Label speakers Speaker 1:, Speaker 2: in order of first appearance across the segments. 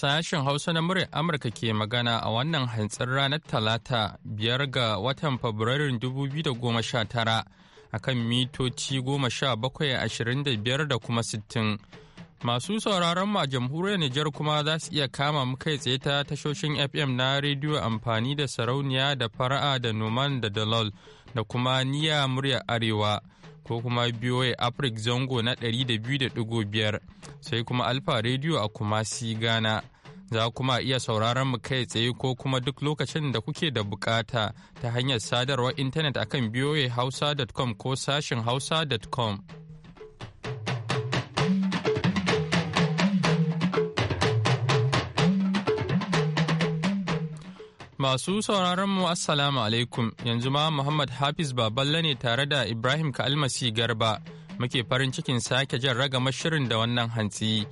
Speaker 1: Sashen Hausa na muryar Amurka ke magana a wannan hantsin ranar Talata biyar ga watan Fabrairun 2019 a kan mitoci 1725 da kuma 60. Masu sauraron ma jamhuriyar Nijar kuma za su iya kama mu kai tsaye ta tashoshin FM na rediyo amfani da sarauniya da fara'a da noman da dalol da kuma niya murya Arewa. ko kuma BOA Africa zango na 200.5 sai kuma Alfa Radio a Kumasi Ghana. Za kuma iya sauraron mu kai tsaye ko kuma duk lokacin da kuke da bukata ta hanyar sadarwar intanet akan boahausa.com ko sashin hausa.com. Masu sauraron mu Assalamu alaikum yanzu ma Muhammad Hafiz Baballe ne tare da Ibrahim Kalmasi Garba muke farin cikin sake jan ragamar shirin da wannan hantsi.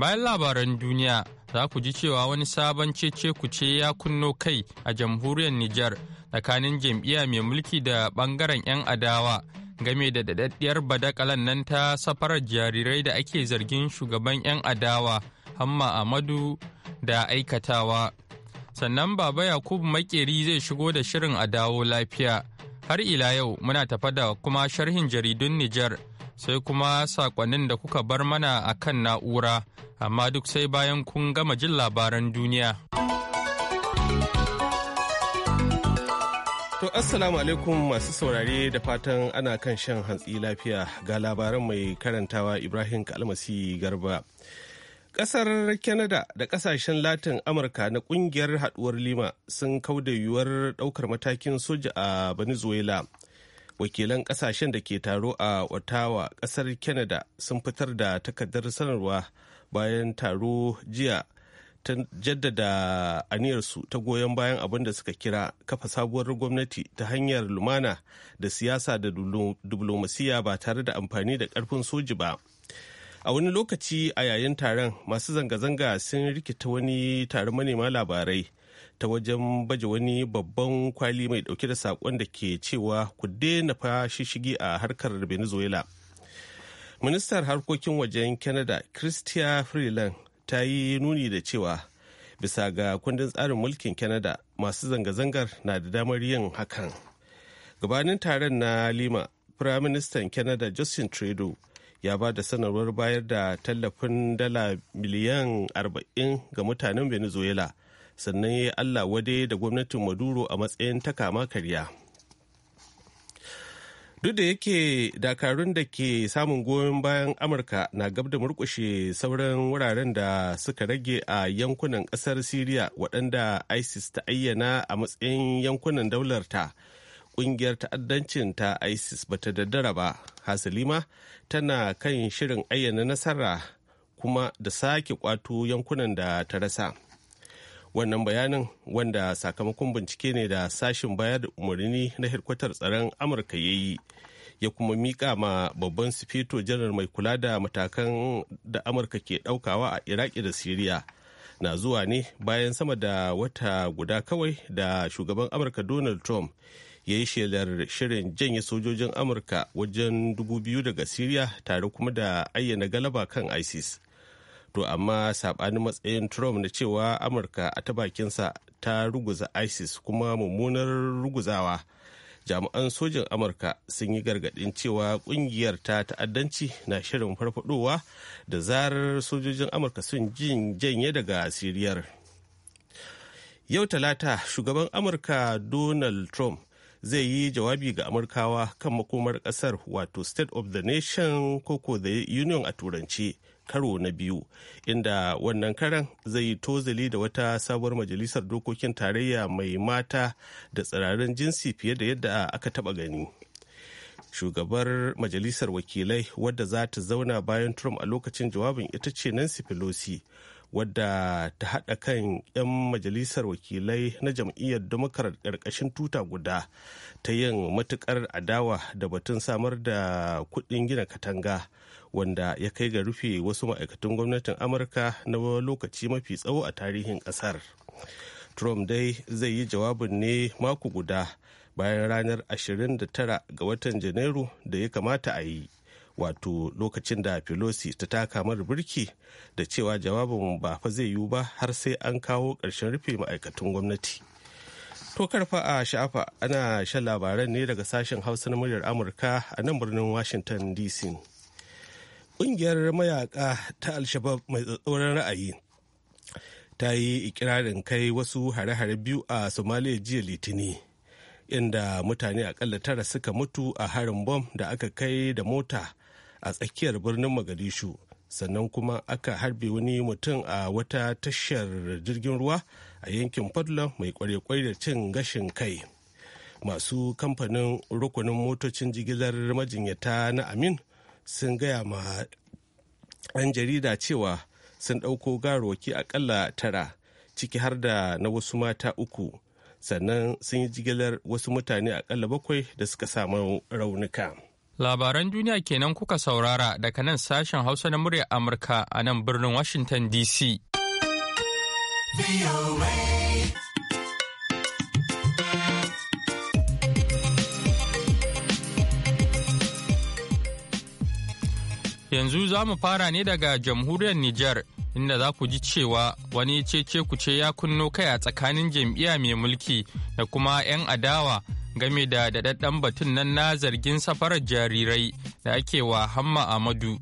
Speaker 1: Bayan labaran duniya za ku ji cewa wani sabon cece ce ya kunno kai a jamhuriyar Nijar tsakanin jam'iyya mai mulki da bangaren 'yan adawa game da daɗaɗɗiyar badakalan nan ta safarar jarirai da ake zargin shugaban 'yan adawa Hamma Amadu da aikatawa. sannan baba yakubu makeri zai shigo da shirin a dawo lafiya har ila yau muna tafa da kuma sharhin jaridun nijar sai kuma sakonnin da kuka bar mana a kan na'ura amma duk sai
Speaker 2: bayan kun gama jin labaran duniya to assalamu alaikum masu saurare da fatan ana kan shan hantsi lafiya ga labaran mai karantawa ibrahim kalmasi garba Ƙasar Canada da ƙasashen Latin Amurka na ƙungiyar haɗuwar Lima sun kauda yiwuwar ɗaukar matakin soja a Venezuela. Wakilan ƙasashen da ke taro a Ottawa ƙasar Canada sun fitar da takardar sanarwa bayan taro jiya ta jaddada aniyarsu ta goyon bayan abin da suka kira kafa sabuwar gwamnati ta hanyar lumana da siyasa da diplomasiya ba tare da amfani da ƙarfin soji ba. a wani lokaci a yayin taron masu zanga-zanga sun rikita wani taron manema labarai ta wajen baje wani babban kwali mai dauke da sakon da ke cewa ku daina fa a harkar venezuela ministar harkokin wajen canada christia freeland ta yi nuni da cewa bisa ga kundin tsarin mulkin canada masu zanga-zangar na da damar yin hakan gabanin taron na lima firaministan canada justin trudeau ya ba da sanarwar bayar da tallafin dala miliyan 40 ga mutanen venezuela sannan ya yi allah wade da gwamnatin maduro a matsayin takama karya duk da yake dakarun da ke samun goyon bayan amurka na gab da murkushe sauran wuraren da suka rage a yankunan kasar syria waɗanda isis ta ayyana a matsayin yankunan daular ta kungiyar ta'addancin ta isis ba ta daddara ba hasalima tana kan shirin ayyana nasara kuma da sake kwato yankunan da ta rasa wannan bayanin wanda sakamakon bincike ne da sashin bayar da umarni na hirkwatar tsaron amurka ya yi ya kuma mika ma babban sifito janar mai kula da matakan da amurka ke daukawa a iraki da siriya na zuwa ne bayan sama da wata guda kawai da shugaban amurka donald trump ya yi shelar shirin janye sojojin amurka wajen dubu biyu daga siriya tare kuma da ayyana galaba kan isis to amma sabanin matsayin trump na cewa amurka a ta bakinsa ta ruguza isis kuma mummunar ruguzawa jami'an sojin amurka sun yi gargadin cewa ƙungiyar ta ta'addanci na shirin farfadowa da zarar sojojin amurka sun jin janye daga siriyar yau talata shugaban amurka donald trump zai yi jawabi ga amurkawa kan makomar kasar wato state of the nation koko the union a turanci karo na biyu inda wannan karan zai yi tozali da wata sabuwar majalisar dokokin tarayya mai mata da tsirarin jinsi fiye da yadda aka taba gani shugabar majalisar wakilai wadda za ta zauna bayan trump a lokacin jawabin ita ce nancy pelosi wadda ta haɗa kan 'yan majalisar wakilai na jam'iyyar damakar ƙarƙashin tuta guda ta yin matuƙar adawa da batun samar da kuɗin gina katanga wanda ya kai ga rufe wasu ma'aikatan gwamnatin amurka na lokaci mafi tsawo a tarihin ƙasar trump dai zai yi jawabin ne mako guda bayan ranar 29 ga watan janairu da ya kamata a yi wato lokacin da pelosi ta taka mara birki da cewa jawabin ba fa zai yiwu ba har sai an kawo ƙarshen rufe ma'aikatan gwamnati to karfa a sha'afa ana shan labaran ne daga sashen hausa na muryar amurka a nan birnin washington dc ƙungiyar mayaka ta alshabab mai tsatsauran ra'ayi ta yi ikirarin kai wasu hare-hare biyu a somalia jiya litini inda mutane akalla tara suka mutu a harin bom da aka kai da mota a tsakiyar birnin Magadishu sannan kuma aka harbe wani mutum a wata tashar jirgin ruwa a yankin Portland mai kware-kware cin gashin kai. Masu kamfanin rukunin motocin jigilar majinyata na Amin sun gaya ma 'yan jarida cewa sun ɗauko garoki akalla tara ciki har da na wasu mata uku sannan sun yi jigilar wasu mutane akalla bakwai da suka samu raunuka.
Speaker 1: Labaran duniya kenan kuka saurara daga nan sashen Hausa na muryar Amurka a nan birnin Washington DC. Yanzu za mu fara ne daga jamhuriyar Nijar inda za ku ji cewa wani cece ce ya kunno kai a tsakanin jam'iyya mai mulki da kuma 'yan adawa game da daɗaɗɗen batun nan na zargin safarar jarirai da ake wa Hamma Amadu.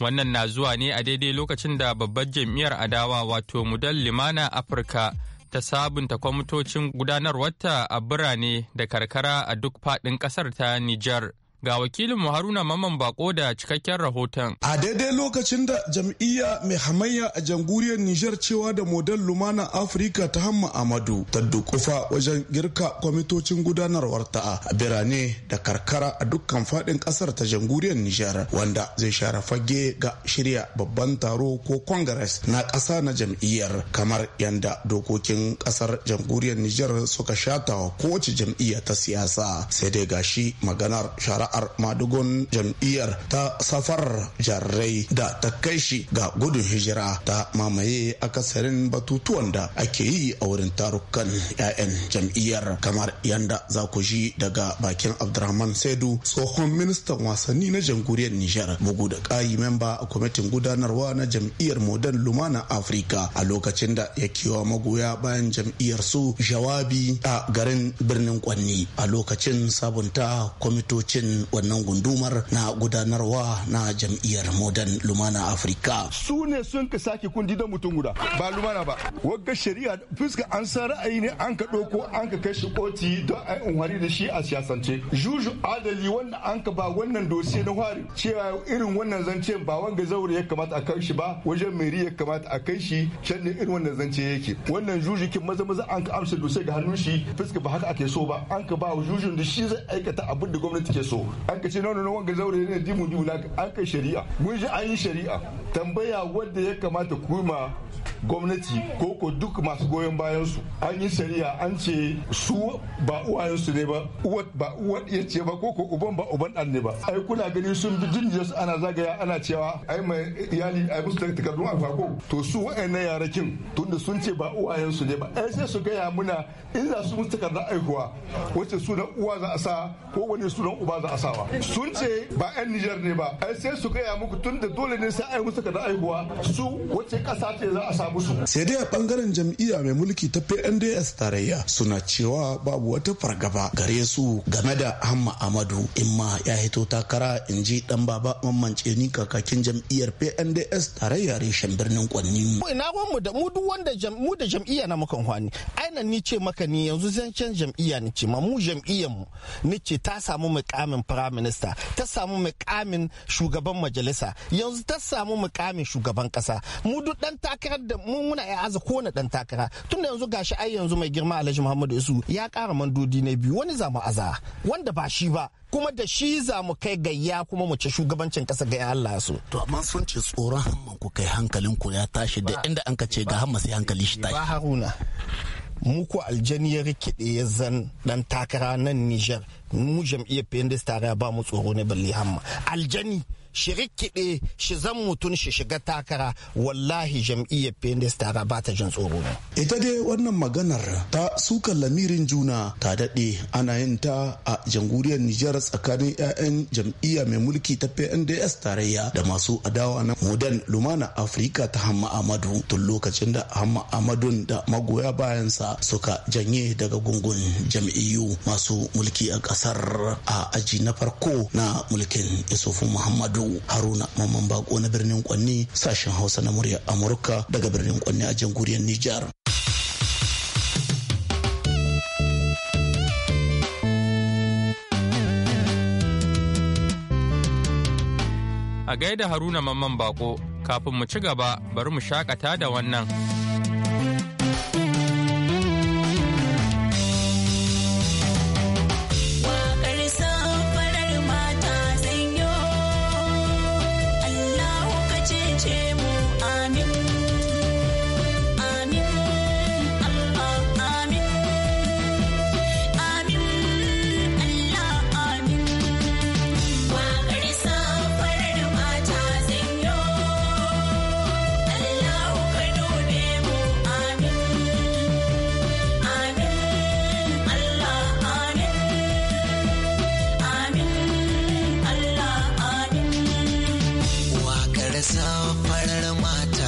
Speaker 1: Wannan na zuwa ne a daidai lokacin da babbar jam'iyyar adawa wato Mudan Limana Afirka ta sabunta kwamitocin gudanarwarta a birane da karkara a duk faɗin ƙasar ta Nijar. Ga wakilin Haruna Maman Bako da cikakken rahoton. A
Speaker 3: daidai lokacin da jam'iyya mai hamayya a jamhuriyar Nijar cewa da model Lumana Afirka ta Hamma Amadu ta dukufa wajen girka kwamitocin gudanarwar ta a birane da karkara a dukkan fadin ƙasar ta jamhuriyar Nijar wanda zai share fage ga shirya babban taro ko congress na kasa na jam'iyyar kamar yanda dokokin ƙasar jamhuriyar Nijar suka shata wa kowace jam'iyya ta siyasa sai dai gashi maganar shara sa'ar madugun jam'iyyar ta safar jarrai da ta kai shi ga gudun hijira ta mamaye akasarin batutuwan da ake yi a wurin tarukan 'ya'yan jam'iyyar kamar yanda za ku ji daga bakin abdurrahman saidu tsohon ministan wasanni na jamhuriyar nijar bugu da ƙayi memba a kwamitin gudanarwa na jam'iyyar modern lumana afirka a lokacin da ya kewa magoya bayan jam'iyyar su jawabi a garin birnin kwanni a lokacin sabunta kwamitocin wannan gundumar na
Speaker 4: gudanarwa na jam'iyyar modern lumana afirka su ne sun ka sake kundi da mutum guda ba lumana ba wagga shari'a fuska an san ra'ayi ne an ka ɗauko an ka kai shi koti don a unhari da shi a siyasance juju adali wanda an ka ba wannan dosiye na hari cewa irin wannan zance ba wanga zaure ya kamata a kai shi ba wajen meri ya kamata a kai shi can ne irin wannan zance yake wannan kin maza maza an ka amsa dosiye ga hannun shi fuska ba haka ake so ba an ka ba jujun da shi zai aikata abin da gwamnati ke so an ka ce nono wanga zaure ne dimu dimu na an ka shari'a mun ji an yi shari'a tambaya wadda ya kamata kuma gwamnati ko ko duk masu goyon bayan su an yi shari'a an ce su ba uwayen su ne ba uwa ba uwa ya ce ba ko ko uban ba uban dan ne ba ai kuna gani sun bi dindiyar su ana zagaya ana cewa ai mai iyali ai musu takardun alfako to su wa'annan yarakin tunda sun ce ba uwayen su ne ba ai sai su gaya muna in za su musu takardun aihuwa wacce sunan uwa za a sa ko wani sunan uba za a sawa sun ce ba 'yan Nijar ne ba ai sai su gaya muku tun da dole ne sai ai musu kada aihuwa su wace kasa ce za a samu su
Speaker 3: sai dai a bangaren jam'iyya mai mulki ta PNDS tarayya suna cewa babu wata fargaba gare su game da Hamma Amadu in ma ya hito takara in ji dan baba mamance ni kakakin jam'iyyar PNDS tarayya reshen birnin Kwanni
Speaker 5: ina mu da mu duk wanda mu da jam'iyya na mukan hwani aina ni ce maka ni yanzu zancen jam'iyya ni ce ma mu jam'iyyar mu ni ce ta samu mukamin prime minister ta samu mukamin shugaban majalisa yanzu ta samu mukamin shugaban kasa mu duk dan takarar da mu muna ya aza kona dan takara tunda yanzu gashi ai yanzu mai girma Alhaji Muhammadu Isu ya kara mandodi na biyu wani zamu aza wanda ba shi ba kuma da shi za mu kai gayya kuma mu ci shugabancin kasa ga Allah su.
Speaker 3: To amma sun ce tsoron hamman ku kai hankalin ku ya tashi da inda an ka
Speaker 5: ce ga hamma sai hankali shi tashi. Ba Haruna. muku ko aljani ya rikide ya zan dan takara nan Nijar mu jam'iyyar PNDS tare ba mu tsoro ne balle hamma aljani shi rikide shi zan mutum shi shiga takara wallahi jam'iyyar PNDS tara ba ta jin tsoro ne.
Speaker 3: Ita dai wannan maganar ta sukan lamirin juna ta daɗe ana yin ta a jamhuriyar Nijar tsakanin 'ya'yan jam'iyya mai mulki ta PNDS tarayya da masu adawa na Modern Lumana Africa ta Hamma Amadu tun lokacin da Hamma amadu da magoya bayansa suka janye daga gungun jam'iyyu masu mulki a ƙasar a aji na farko na mulkin Isufu Muhammadu. Shehu Haruna Mamman Bako na birnin Kwanni sashen Hausa na murya Amurka daga birnin Kwanni a jamhuriyar Nijar.
Speaker 1: A gaida Haruna Mamman Bako kafin mu ci gaba bari mu shakata da wannan.
Speaker 6: sa farar mata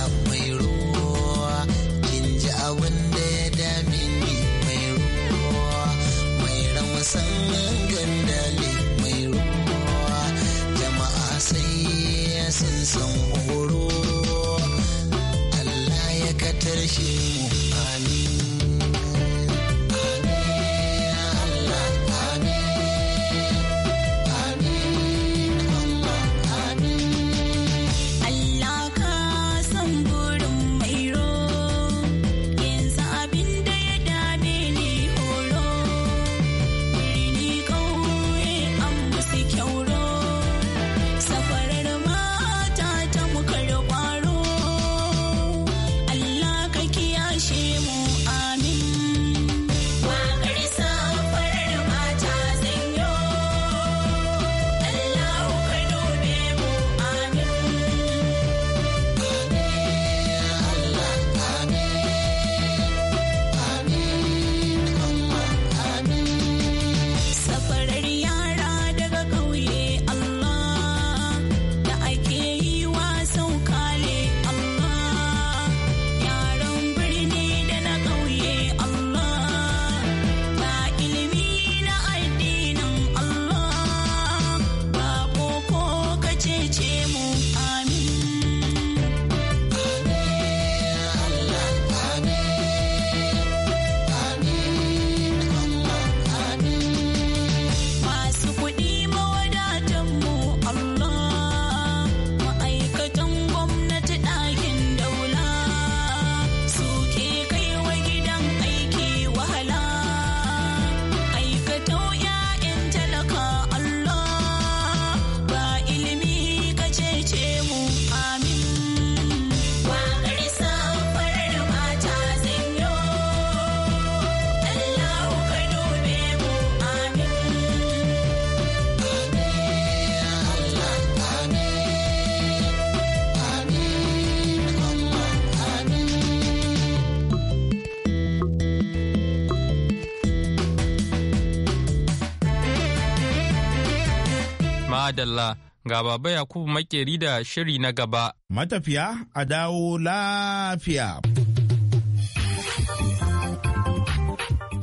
Speaker 1: dalla ga baba Yakubu makeri da shiri na gaba.
Speaker 5: Matafiya a dawo lafiya.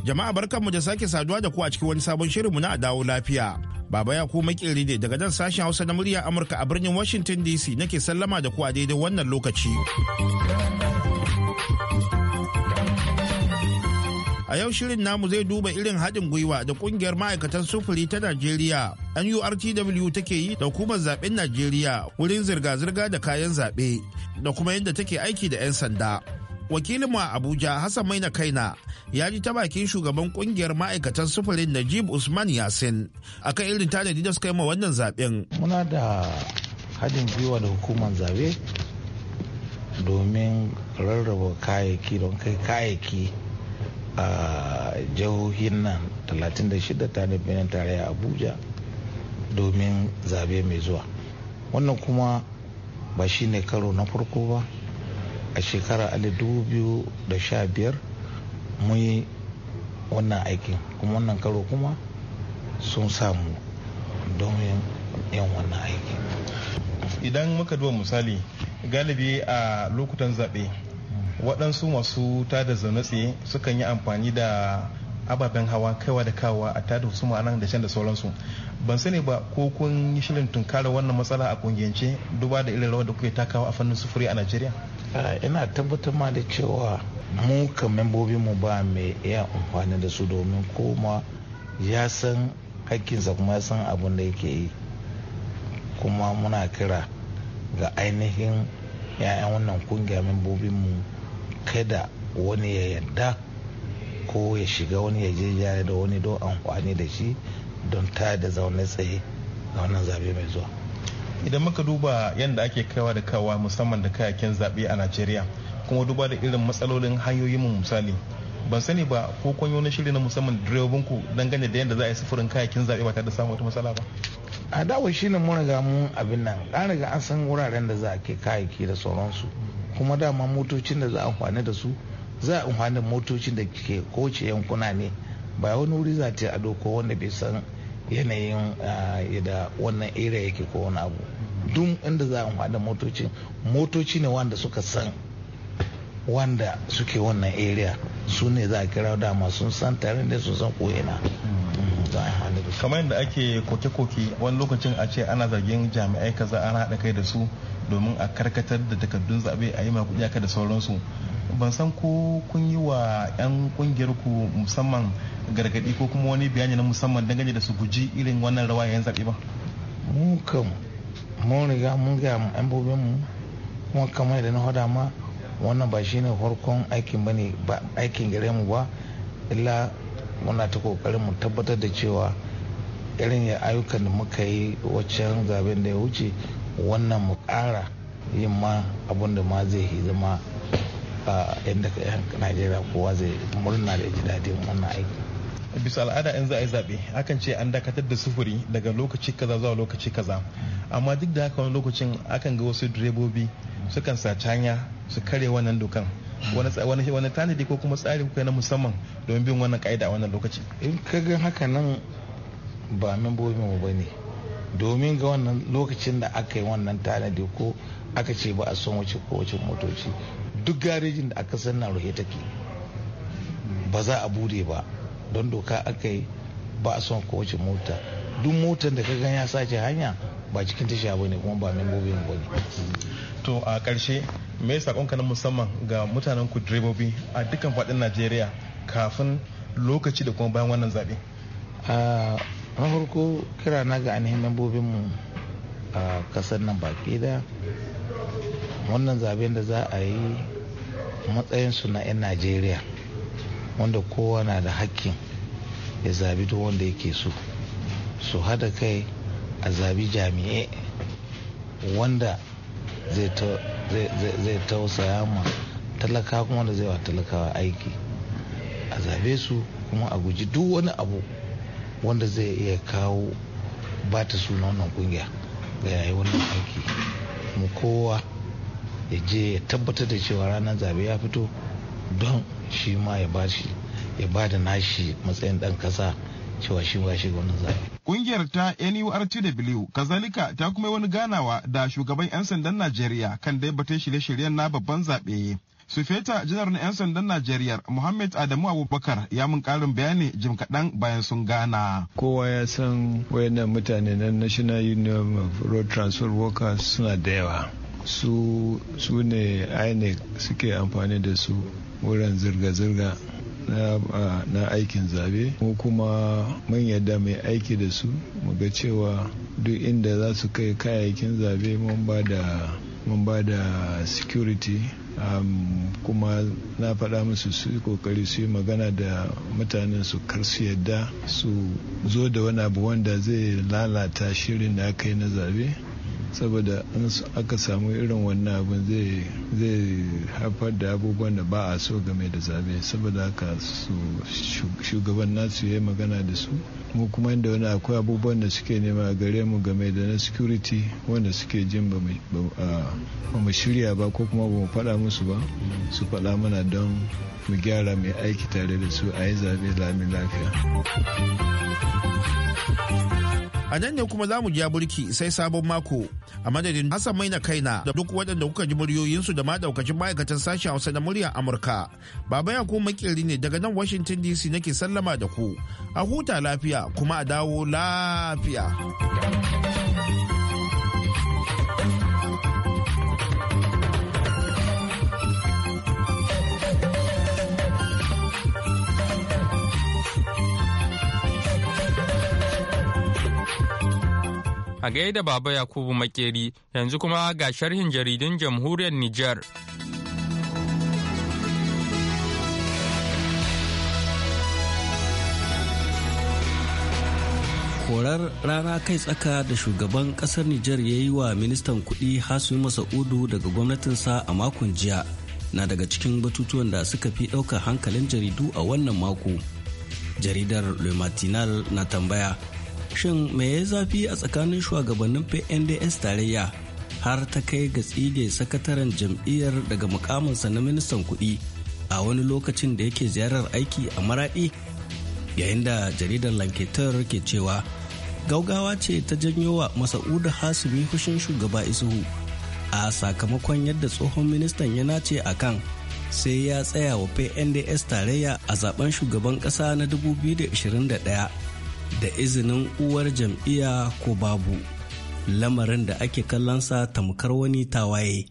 Speaker 5: Jama'a barkanmu da sake saduwa da ku a cikin wani sabon shirinmu na a dawo lafiya. Baba ya kuma makeri ne daga nan sashen Hausa na murya Amurka a birnin Washington DC nake sallama da ku a daidai wannan lokaci. A yau shirin namu zai duba irin haɗin gwiwa da ƙungiyar ma'aikatan sufuri ta Najeriya NURTW take yi da hukumar zaɓen Najeriya wurin zirga-zirga da kayan zaɓe da kuma yadda take aiki da 'yan sanda. Wakilin a Abuja Hassan Maina Kaina ya ji ta bakin shugaban kungiyar ma'aikatan sufurin Najib Usman Yasin akan irin tanadi da suka yi ma wannan zaɓen. Muna da
Speaker 7: haɗin gwiwa da hukumar zaɓe domin rarraba kayayyaki don kai kayayyaki a jihohin nan 36 ta birnin tarayya abuja domin zabe mai zuwa wannan kuma ba shi ne karo na farko ba a shekarar 2015 mun yi wannan aikin kuma wannan karo kuma sun samu domin yin wannan aiki
Speaker 8: idan muka duba misali galibi a lokutan zaɓe waɗansu masu tada zaune tsaye sukan yi amfani da ababen hawa kaiwa da kawa a tada su nan da can da sauransu ban sani ba ko kun yi shirin tunkara wannan matsala a kungiyance duba da irin rawar da kuke takawa a fannin sufuri a najeriya
Speaker 7: ina tabbatar ma da cewa mu ka membobin mu ba mai iya amfani da su domin koma ya san hakkinsa kuma ya san abin da yake yi kuma muna kira ga ainihin 'ya'yan wannan kungiya membobin mu kada wani ya yadda ko ya shiga wani ya je da wani don amfani da shi don ta da zaune tsaye ga wannan zabe mai zuwa idan
Speaker 8: muka duba yadda ake kaiwa da kawa musamman da kayakin zaɓe a najeriya kuma duba da irin matsalolin hanyoyin mu misali ban sani ba ko kun wani shiri na musamman direbobin ku dangane da yadda za a yi sufurin kayakin zaɓe ba tare da samun wata matsala ba
Speaker 7: a dawo shi ne mun riga mun abin nan an riga an san wuraren da za a ke kayaki da sauransu kuma dama motocin da za a amfani da su za a amfani motocin da ke kowace yankuna ne ba wani wuri za ta ado ko wanda bai san yanayin da wannan area yake ko wani abu duk inda za a amfani da motocin motoci ne wanda suka san wanda suke wannan area su ne za a kira dama sun san tare da sun san ko'ina za a hannu da kamar yadda
Speaker 8: ake koke-koke wani lokacin a ce ana zargin jami'ai kaza ana haɗa kai da su domin a karkatar da takardun zaɓe a yi maku iyaka da sauransu ban san ko kun yi wa 'yan kungiyar ku musamman gargaɗi ko kuma wani bayani na musamman dangane da su guji irin wannan rawa yayin zaɓe ba
Speaker 7: mun kam mun riga mun ga an mu kuma kamar da na hada ma wannan ba shine farkon aikin bane ba aikin gare mu ba illa muna ta kokarin mu tabbatar da cewa irin ayyukan da muka yi waccan zaben da ya wuce wannan mu kara yin ma abun da ma zai zama yadda najeriya kowa zai murna da ji daɗin wannan aiki
Speaker 8: bisa al'ada yanzu za a yi zaɓe akan ce an dakatar da sufuri daga lokaci kaza zuwa lokaci kaza amma duk da haka wani lokacin akan ga wasu direbobi sukan saci hanya su kare wannan dokan wani tanadi ko kuma tsarin kuka na musamman domin bin wannan ka'ida a wannan lokaci in ka ga haka
Speaker 7: nan ba membobin mu bane domin ga wannan lokacin da aka yi wannan tanadi ko aka ce ba a son wace ko wace motoci duk garejin da aka san na ruhe take ba za a bude ba don doka aka yi ba a son ko wace mota duk motar da ka gan ya sace hanya ba cikin tasha bane kuma ba membobin bane to a ƙarshe me ka na musamman ga mutanen ku
Speaker 8: direbobi a dukkan faɗin najeriya kafin lokaci da kuma bayan wannan zaɓe
Speaker 7: a farko kira na ga ainihin membobinmu a kasar nan baki da wannan zaben da za a yi matsayinsu na 'yan najeriya wanda kowa na da hakkin ya zabi duk wanda yake so su hada kai a zabi jami'ai wanda zai ta zai tausaya ma talaka kuma da zai wa talakawa aiki a zabe su kuma a guji duk wani abu wanda zai iya kawo ba ta suna wannan kungiya ga yayi wannan aiki mu kowa ya je ya tabbatar da cewa ranar zabe ya fito don shi ma ya ba da nashi matsayin dan kasa cewa shi ba shi wannan zaɓe.
Speaker 8: Kungiyar ta NURTW kazalika ta kuma wani ganawa da shugaban 'yan sandan Najeriya kan da shirye-shiryen na babban zaɓe. Sufeta janar na 'yan sandan Najeriya Muhammad Adamu Abubakar ya mun karin bayani jim kaɗan bayan sun gana.
Speaker 9: Kowa ya san wayannan mutane na National Union of Road Transport Workers suna da yawa. Su su ne INEC suke amfani da su wurin zirga-zirga na aikin zabe mu kuma mun yadda mai aiki da su mu ga cewa duk inda za su kai kayayyakin zabe mun ba da mun ba da security um, kuma na faɗa musu su yi kokari su yi magana da mutanen su kar su yadda su zo da wani abu wanda zai lalata shirin da aka yi na zabe saboda in aka samu irin wannan abin zai haifar da abubuwan da ba a so game da zabe saboda haka su shugaban nasu ya magana da su mu kuma inda wani akwai abubuwan da suke nema a gare mu game da na security wanda suke jin ba mu shirya ba ko kuma ba mu faɗa musu ba su faɗa mana don mu gyara mai aiki tare da su a yi zabe lami lafiya.
Speaker 5: A nan ne kuma za mu ja burki sai sabon mako a madadin Hassan Maina Kaina da duk waɗanda kuka ji muryoyinsu da ma daukacin ma'aikatan sashen Hausa na muryar Amurka. Baba ya kuma makeri ne daga nan Washington DC nake sallama da ku. A huta lafiya kuma a dawo lafiya.
Speaker 1: A gaida Baba Yakubu Makeri yanzu kuma ga sharhin jaridun jamhuriyar Nijar.
Speaker 10: korar rana kai tsaka da shugaban kasar Nijar ya yi wa ministan kudi Hasumi Masa'udu daga gwamnatinsa a makon jiya na daga cikin batutuwan da suka fi ɗaukar hankalin jaridu a wannan mako. Jaridar Le Matinal na tambaya shin me ya zafi a tsakanin shugabannin pnds tarayya har ta kai ga tsige sakataren jam'iyyar daga mukaminsa na ministan kuɗi a wani lokacin da yake ziyarar aiki a maraɗi yayin da jaridar lanketar ke cewa gaugawa ce ta janyo wa masa'udu hasumi hushin shugaba isuhu a sakamakon yadda tsohon ministan ya nace a kan sai ya tsaya wa pnds tarayya a zaben shugaban ƙasa na 2021 da izinin uwar jam'iyya ko babu lamarin da ake kallonsa tamkar wani tawaye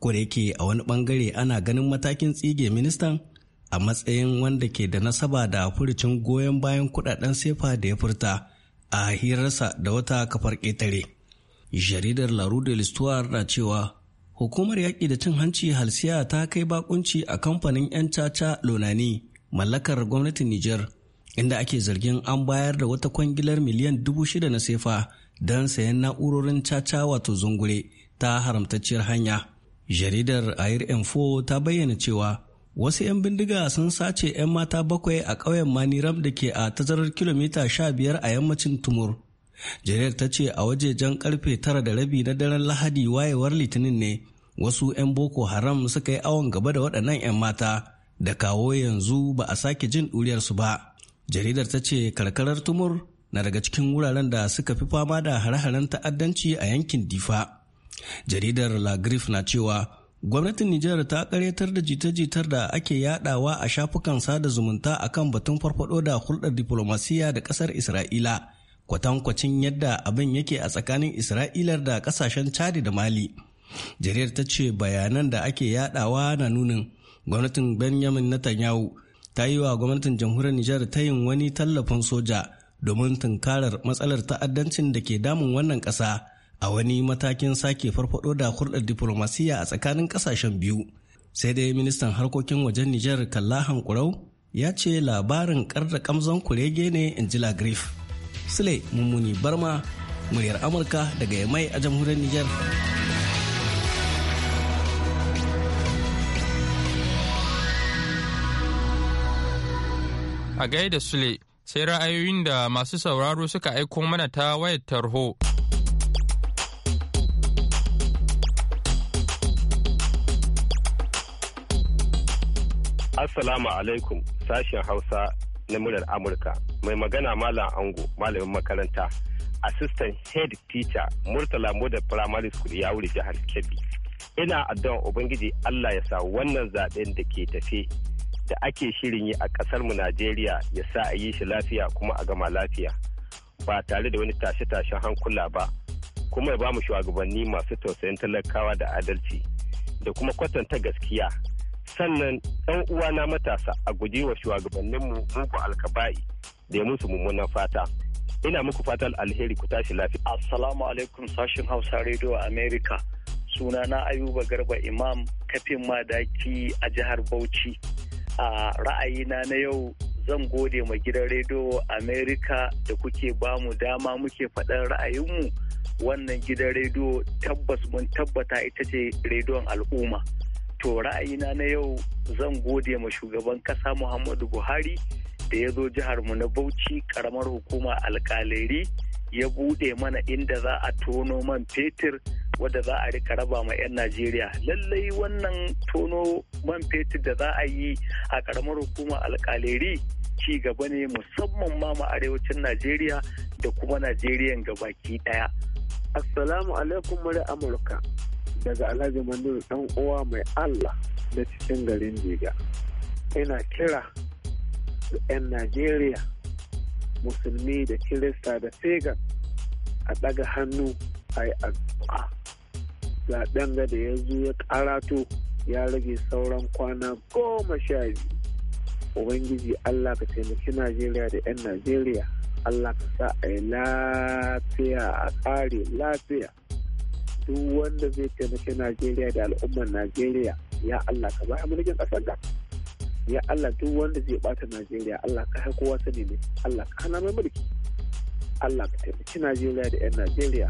Speaker 10: ko da yake a wani bangare ana ganin matakin tsige ministan a matsayin wanda ke da nasaba da furucin goyon bayan kudaden sefa da ya furta a hirarsa da wata kafar ƙetare jaridar laru de l'histoire na cewa hukumar yaƙi da cin hanci halsiya ta kai bakunci a kamfanin 'yan caca lonani mallakar gwamnatin niger inda ake zargin an bayar da wata kwangilar miliyan dubu shida na sefa don sayan na'urorin caca wato zungure ta haramtacciyar hanya. Jaridar Air m ta bayyana cewa wasu 'yan bindiga sun sace 'yan mata bakwai a ƙauyen Maniram da ke a tazarar kilomita sha biyar a yammacin Tumur. Jaridar ta ce a jan karfe tara da rabi na daren Lahadi wayewar Litinin ne wasu 'yan Boko Haram suka yi awon gaba da waɗannan 'yan mata da kawo yanzu ba a sake jin ɗuriyarsu ba. jaridar ta ce karkarar tumur na daga cikin wuraren da suka fi fama da hare-haren ta'addanci a yankin difa jaridar la grif na cewa gwamnatin nijar ta karyatar da jita-jitar da ake yadawa a shafukan sada zumunta akan batun farfado da hulɗar diplomasiya da ƙasar isra'ila kwatankwacin yadda abin yake a tsakanin isra'ilar da ƙasashen chadi da mali jaridar ta ce bayanan da ake yadawa na nunin gwamnatin benjamin netanyahu ta yi wa gwamnatin jamhuriyar Nijar ta yin wani tallafin soja domin tunkarar matsalar ta'addancin da ke damun wannan ƙasa a wani matakin sake farfado da hulɗar diflomasiyya a tsakanin ƙasashen biyu. Sai dai ministan harkokin wajen Nijar kalla Kurau ya ce labarin karda kamzon kurege ne in ji Lagrif. Sule Mummuni Barma, muryar Amurka daga Yamai a jamhuriyar Nijar.
Speaker 1: A gaida Sule, sai ra'ayoyin da masu sauraro suka aiko mana ta wayar tarho.
Speaker 2: Assalamu alaikum sashen Hausa na murar Amurka. Mai magana Malam
Speaker 5: Ango, malamin makaranta, assistant head teacher Murtala modern Primary School ya wuri jihar Kebbi. Ina addu'a Ubangiji Allah ya sa wannan zaɓen da ke tafe da ake shirin yi a ƙasar mu Najeriya ya sa a yi shi lafiya kuma a gama lafiya ba tare da wani tashe-tashen hankula ba kuma ya ba mu shugabanni masu
Speaker 2: tausayin talakawa da adalci da kuma kwatanta gaskiya sannan ɗan na matasa a guji wa shugabanninmu mugu alkaba'i da ya musu mummunan fata
Speaker 3: ina muku fatan alheri ku tashi lafiya assalamu alaikum sashin hausa radio america sunana ayuba garba imam kafin madaki a jihar bauchi a ra'ayina na yau zan gode ma gidan rediyo Amerika da kuke bamu dama muke faɗin ra'ayinmu wannan gidan rediyo tabbas mun tabbata ita ce rediyon al'umma to ra'ayina na yau zan gode ma shugaban kasa muhammadu buhari da ya zo jiharmu na bauchi karamar hukuma alkaleri ya buɗe mana inda za a tono man fetur wadda za a rika raba ma 'yan Najeriya. Lallai wannan tono man fetur da za a yi a ƙaramar hukumar alkaleri ci gaba ne musamman ma ma arewacin Najeriya da kuma Najeriyan gabaki ɗaya. Assalamu alaikum mara Amurka
Speaker 5: daga Alhaji Manuru ɗan uwa mai Allah da cikin garin Jiga. Ina kira 'yan Najeriya musulmi da Kirista da sega a ɗaga hannu a yi addu'a zaɓen ga da ya zo ya karato ya rage sauran kwana goma sha biyu ubangiji allah ka taimaki najeriya da 'yan najeriya allah ka sa a yi lafiya a ƙare lafiya duk wanda zai taimaki najeriya da al'ummar najeriya ya allah ka ba mulkin ƙasar da ya allah duk wanda zai bata najeriya allah ka haiku wasu ne allah ka hana mai mulki allah ka taimaki najeriya da 'yan najeriya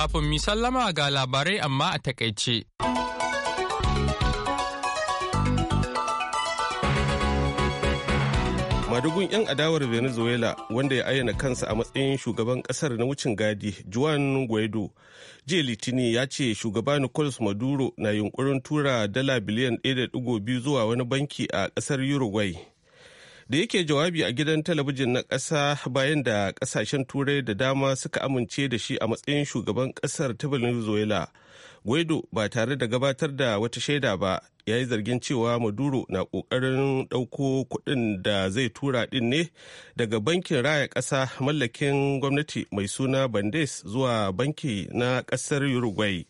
Speaker 1: Kafin mi sallama ga labarai amma a takaice.
Speaker 2: madugun 'yan adawar venezuela wanda ya ayyana kansa a matsayin shugaban kasar na wucin gadi juan guaido jiya litini ya ce shugaba nicolas maduro na yunkurin tura dala biliyan 1.2 zuwa wani banki a kasar uruguay da yake jawabi a gidan talabijin na ƙasa bayan da ƙasashen turai da dama suka amince da shi a matsayin shugaban ƙasar ta venezuela guaido ba tare da gabatar da wata shaida ba ya yi zargin cewa maduro na ƙoƙarin ɗauko kuɗin da zai tura ɗin ne daga bankin raya ƙasa mallakin gwamnati mai suna bandes zuwa banki na ƙasar uruguay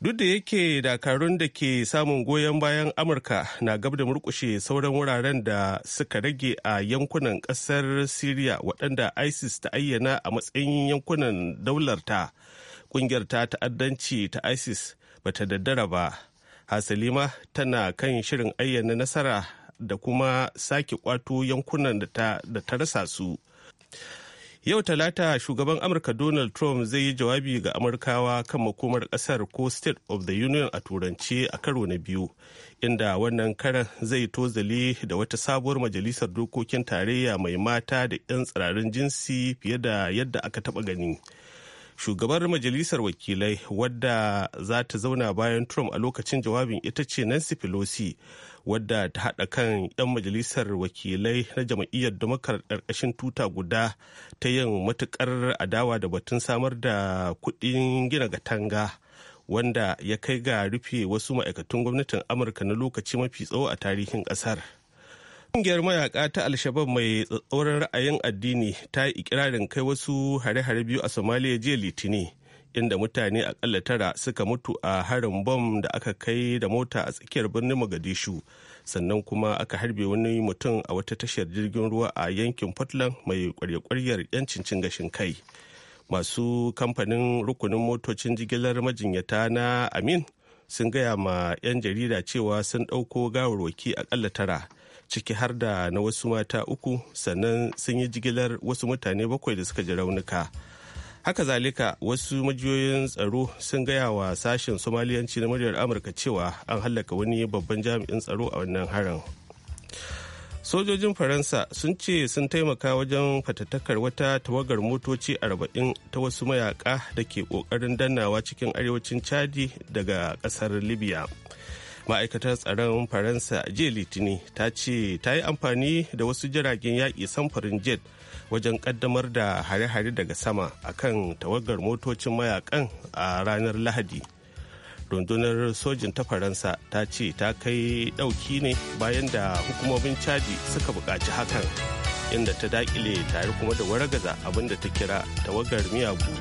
Speaker 2: duk da yake dakarun da ke samun goyon bayan amurka na gab da murkushe sauran wuraren da suka rage a yankunan kasar syria waɗanda isis ta ayyana a matsayin yankunan daularta ƙungiyar ta ta'addanci ta isis ba ta daddara ba hasalima tana kan shirin ayyana nasara da kuma sake kwato yankunan da ta rasa su Yau Talata shugaban Amurka Donald Trump zai yi jawabi ga Amurkawa kan makomar kasar ko State of the Union a turance a karo na biyu, inda wannan karan zai tozale da wata sabuwar majalisar dokokin tarayya mai mata da 'yan tsirarin jinsi fiye da yadda aka taɓa gani. Shugabar majalisar wakilai wadda za ta zauna bayan Trump a lokacin jawabin ita ce Nancy Pelosi, wadda ta haɗa kan 'yan majalisar wakilai na jam'iyyar damakar ƙarƙashin tuta guda ta yin matuƙar adawa da batun samar da kuɗin gina gatanga, wanda ya kai ga rufe wasu ma'aikatun gwamnatin amurka na lokaci mafi tsawo a tarihin ƙasar ƙungiyar mayaka ta alshabab mai tsatsauran ra'ayin addini ta yi ikirarin kai wasu hare-hare biyu a somalia jiya litinin inda mutane akalla tara suka mutu a harin bom da aka kai da mota a tsakiyar birnin mogadishu sannan kuma aka harbe wani mutum a wata tashar jirgin ruwa a yankin portland mai kwarya-kwaryar yancin cin gashin kai masu kamfanin rukunin motocin jigilar majinyata na amin sun gaya ma 'yan jarida cewa sun ɗauko gawarwaki akalla tara ciki har da na wasu mata uku sannan sun yi jigilar wasu mutane bakwai da suka ji raunuka haka zalika wasu majiyoyin tsaro sun gaya wa sashen somaliyanci na muryar amurka cewa an hallaka wani babban jami'in tsaro a wannan harin sojojin faransa sun ce sun taimaka wajen fatattakar wata tawagar motoci 40 ta wasu mayaka da ke kokarin dannawa cikin arewacin chadi daga kasar libya ma'aikatar tsaron faransa jiya litini ta ce ta yi amfani da wasu jiragen yaƙi samfurin jet wajen kaddamar da hare-hare daga sama a kan tawagar motocin mayakan a ranar lahadi rundunar sojin ta faransa ta ce ta kai ɗauki ne bayan da hukumomin caji suka bukaci hakan inda ta daƙile tare kuma da waragaza abinda ta kira tawagar miyagu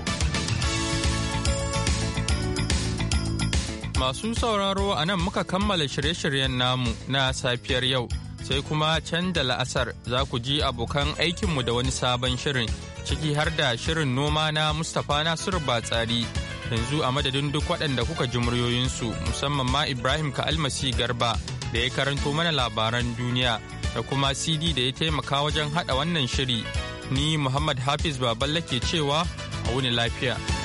Speaker 1: masu sauraro a nan muka kammala shirye-shiryen namu na safiyar yau sai kuma can da la'asar za ku ji abokan aikinmu da wani sabon shirin ciki har da shirin noma na mustapha nasiru batsari yanzu a madadin duk waɗanda kuka ji muryoyinsu musamman ma ibrahim ka almasi garba da ya karanto mana labaran duniya da kuma cd da ya taimaka wajen haɗa wannan shiri ni muhammad hafiz baballe ke cewa a wuni lafiya